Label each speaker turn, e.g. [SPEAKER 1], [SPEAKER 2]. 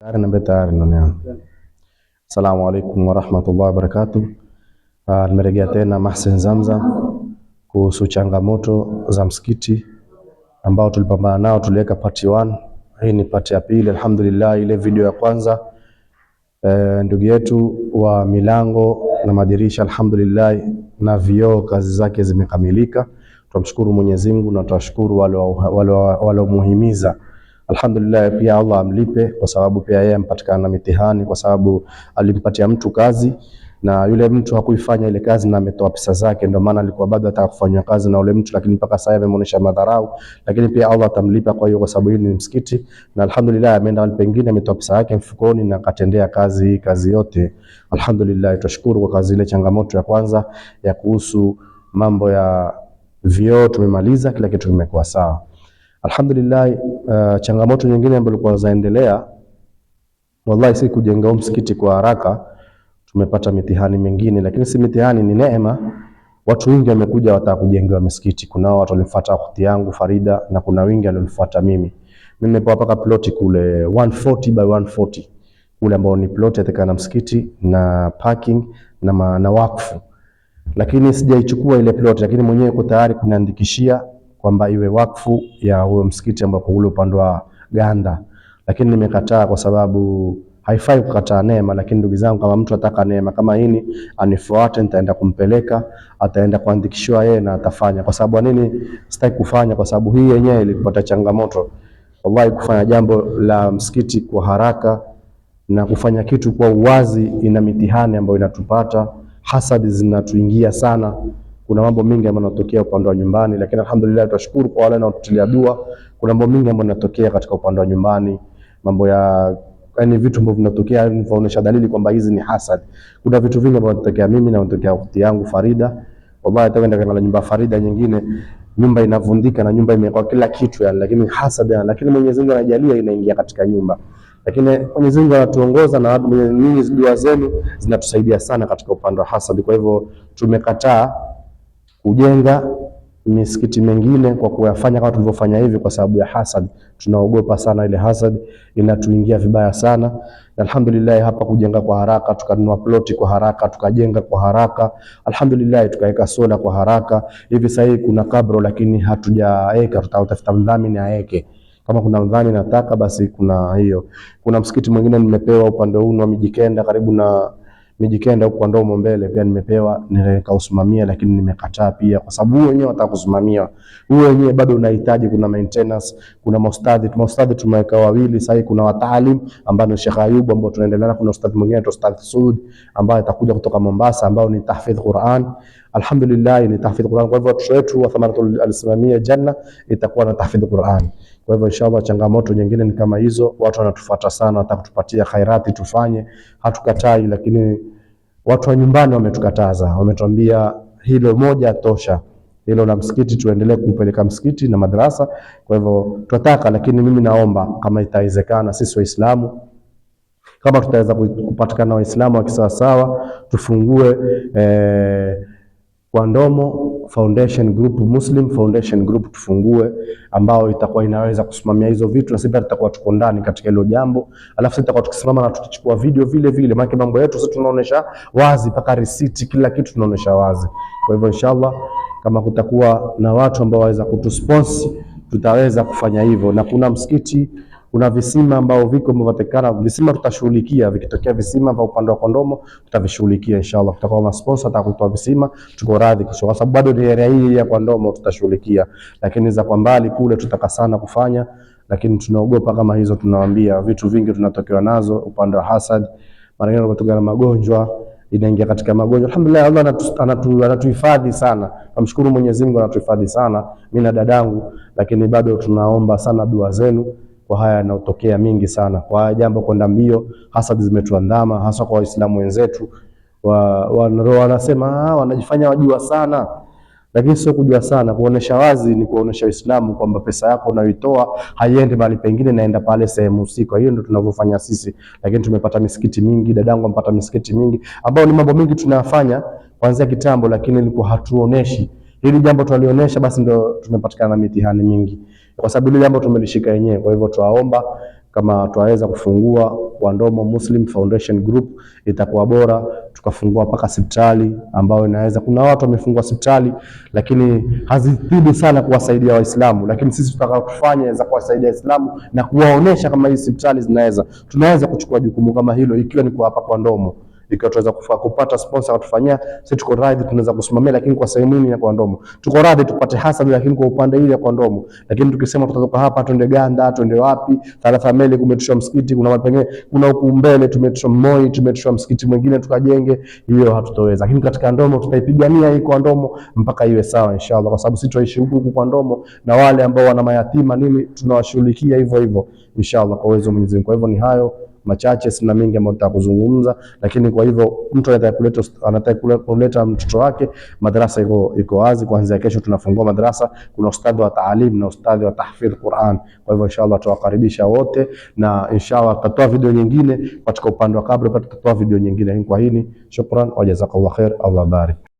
[SPEAKER 1] Tayari na tayari na Asalamu alaykum warahmatullahi wabarakatuh. Ah, nimerejea tena Mahsen Zamzam kuhusu changamoto za msikiti ambao tulipambana nao, tuliweka part 1. Hii ni part ya pili. Alhamdulillah, ile video ya kwanza e, ndugu yetu wa milango na madirisha alhamdulillah, na vioo kazi zake zimekamilika. Tunamshukuru Mwenyezi Mungu na tunashukuru wale wale waliomuhimiza Alhamdulillah, pia Allah amlipe kwa sababu pia yeye ampatikana na mitihani, kwa sababu alimpatia mtu kazi na yule mtu hakuifanya ile kazi na ametoa pesa zake, ndio maana alikuwa bado anataka kufanya kazi na ule mtu, lakini mpaka sasa ameonyesha madharau, lakini pia Allah atamlipa kwa hiyo, kwa sababu hili ni msikiti, na alhamdulillah ameenda wale pengine, ametoa pesa yake mfukoni na akatendea kazi kazi yote. Alhamdulillah, tunashukuru kwa kazi ile. Changamoto ya kwanza ya kuhusu mambo ya vyoo tumemaliza, kila kitu kimekuwa sawa. Alhamdulillah, uh, changamoto nyingine ambazo kwa zaendelea, wallahi si kujenga msikiti kwa haraka. Tumepata mitihani mingine, lakini si mitihani, ni neema. Watu wengi wamekuja wataka kujengewa msikiti. Kuna watu walifuata akhti yangu Farida na kuna wengi walifuata mimi. Mimi nimepewa paka ploti kule 140 by 140 kule ambao ni ploti na msikiti na parking na, na wakfu, lakini sijaichukua ile ploti, lakini mwenyewe yuko tayari kuniandikishia kwamba iwe wakfu ya huo msikiti ambapo ule upande wa ganda, lakini nimekataa kwa sababu haifai kukataa neema. Lakini ndugu zangu, kama mtu ataka neema kama hii anifuate, nitaenda kumpeleka, ataenda kuandikishwa yeye na atafanya. Kwa sababu nini? Sitaki kufanya kwa sababu hii yenyewe ilipata changamoto wallahi. Kufanya jambo la msikiti kwa haraka na kufanya kitu kwa uwazi, ina mitihani ambayo inatupata, hasadi zinatuingia sana. Kuna mambo mengi ambayo yanatokea upande wa nyumbani, lakini alhamdulillah tunashukuru kwa wale wanaotutia dua. Kuna mambo mengi ambayo yanatokea katika upande wa nyumbani, mambo ya yani vitu ambavyo vinatokea vinaonyesha dalili kwamba hizi ni hasad. Kuna vitu vingi ambavyo vinatokea mimi na vinatokea ukhti yangu Farida. Wallahi hata kwenda katika nyumba Farida nyingine, nyumba inavundika na nyumba imekuwa kila kitu yani, lakini hasad yani, lakini Mwenyezi Mungu anajalia inaingia katika nyumba. Lakini Mwenyezi Mungu anatuongoza na watu nyinyi, dua zenu zinatusaidia sana katika upande wa hasad. Kwa hivyo tumekataa kujenga misikiti mengine kwa kuyafanya kama tulivyofanya hivi, kwa sababu ya hasad. Tunaogopa sana ile hasad, inatuingia vibaya sana. Na alhamdulillah, hapa kujenga kwa haraka, tukanunua ploti kwa haraka, tukajenga kwa haraka, alhamdulillah, tukaweka sola kwa haraka. Hivi sasa hii kuna kabro, lakini hatujaweka, tutautafuta mdhamini aweke kama kuna mdhamini nataka, basi kuna hiyo. Kuna msikiti mwingine nimepewa upande huu wa Mijikenda karibu na Mijikenda huko ndomo mbele pia nimepewa nileka usimamia, lakini nimekataa pia kwa sababu wewe wenyewe unataka kusimamia. Wewe wenyewe bado unahitaji, kuna maintenance, kuna maustadhi, maustadhi tumeweka wawili sasa, kuna wataalim ambao ni Sheikh Ayub ambao tunaendelea, kuna ustadhi mwingine tu Ustadh Sud ambaye atakuja kutoka Mombasa ambao ni tahfidh Qur'an. Alhamdulillah ni tahfidh Qur'an. Kwa hivyo watoto wetu wa Thamaratul alislamia Janna itakuwa na tahfidh Qur'an. Kwa hivyo inshallah, changamoto nyingine ni kama hizo. Watu wanatufuata sana, hata kutupatia khairati tufanye, hatukatai, lakini watu wa nyumbani wametukataza, wametuambia hilo moja tosha, hilo la msikiti tuendelee kupeleka msikiti na madrasa. Kwa hivyo tunataka, lakini mimi naomba kama itawezekana, sisi Waislamu kama tutaweza kupatikana Waislamu wa kisawasawa, tufungue eh, kwa ndomo Foundation Group, Muslim Foundation Group tufungue, ambao itakuwa inaweza kusimamia hizo vitu, na sisi tutakuwa tuko ndani katika hilo jambo, alafu sisi tutakuwa tukisimama na tukichukua video vile vile, maana mambo yetu sisi tunaonesha wazi, mpaka receipt, kila kitu tunaonesha wazi. Kwa hivyo inshallah, kama kutakuwa na watu ambao waweza kutusponsor, tutaweza kufanya hivyo, na kuna msikiti kuna visima ambao viko vimepatikana, visima tutashughulikia. Vikitokea visima vya upande wa Kondomo tutavishughulikia inshallah. Tutakuwa na sponsor atakutoa visima, tuko radhi kwa sababu bado ni area hii ya Kondomo tutashughulikia, lakini za kwa mbali kule tutaka sana kufanya, lakini tunaogopa kama hizo. Tunawaambia vitu vingi tunatokewa nazo upande wa hasad, mara nyingi tunatokana magonjwa inaingia katika magonjwa. Alhamdulillah, Allah anatu, anatuhifadhi sana, namshukuru Mwenyezi Mungu anatuhifadhi sana, mimi na dadangu, lakini bado tunaomba sana dua zenu kwa haya yanayotokea mingi sana, kwa haya jambo kwenda mbio, hasad zimetuandama hasa kwa Waislamu wenzetu wa, wanasema ah, wanajifanya wajua sana, lakini sio kujua sana. Kuonesha wazi ni kuonesha Uislamu kwamba pesa yako unayoitoa haiendi mahali pengine, naenda pale sehemu husika. Hiyo ndio tunavyofanya sisi, lakini tumepata misikiti mingi, dadangu amepata misikiti mingi, ambao ni mambo mingi tunayafanya kuanzia kitambo, lakini ilikuwa hatuoneshi Hili jambo tunalionyesha, basi ndio tumepatikana na mitihani mingi, kwa sababu hili jambo tumelishika yenyewe Kwa hivyo twaomba kama twaweza kufungua Wandomo Muslim Foundation Group itakuwa bora, tukafungua mpaka hospitali ambayo inaweza. Kuna watu wamefungua hospitali lakini hazithibi sana kuwasaidia Waislamu, lakini sisi kufanya za kuwasaidia Waislamu na kuwaonesha kama hizi hospitali zinaweza, tunaweza kuchukua jukumu kama hilo, ikiwa ni kwa hapa kwa ikiwa tunaweza kupata sponsor atufanyia sisi, tuko radhi, tunaweza kusimamia, lakini kwa sehemu hii ya kwa Ndomo tuko radhi tupate hasa, lakini kwa upande ile ya kwa Ndomo. Lakini tukisema tutatoka hapa tuende Ganda, tuende wapi, tarafa meli, kumetushwa msikiti, kuna mapenge, kuna huku mbele tumetushwa Moi, tumetushwa msikiti mwingine tukajenge, hiyo hatutoweza. Lakini katika Ndomo tutaipigania hii kwa Ndomo mpaka iwe sawa, inshallah, kwa sababu sisi tuishi huku kwa Ndomo na wale ambao wana mayatima nini tunawashughulikia hivyo hivyo, inshallah, kwa uwezo wa Mwenyezi Mungu. Kwa hivyo ni hayo machache, sina mengi ambayo nitakuzungumza, lakini kwa hivyo mtu anataka kuleta anataka kuleta mtoto wake, madrasa iko iko wazi. Kuanzia kesho tunafungua madrasa, kuna ustadhi wa taalim na ustadhi wa tahfidh Qur'an. Kwa hivyo inshallah tutawakaribisha wote, na inshallah tutatoa video nyingine katika upande wa kabla, tutatoa video nyingine kwa hili. Shukran wa jazakallahu khair, Allah barik.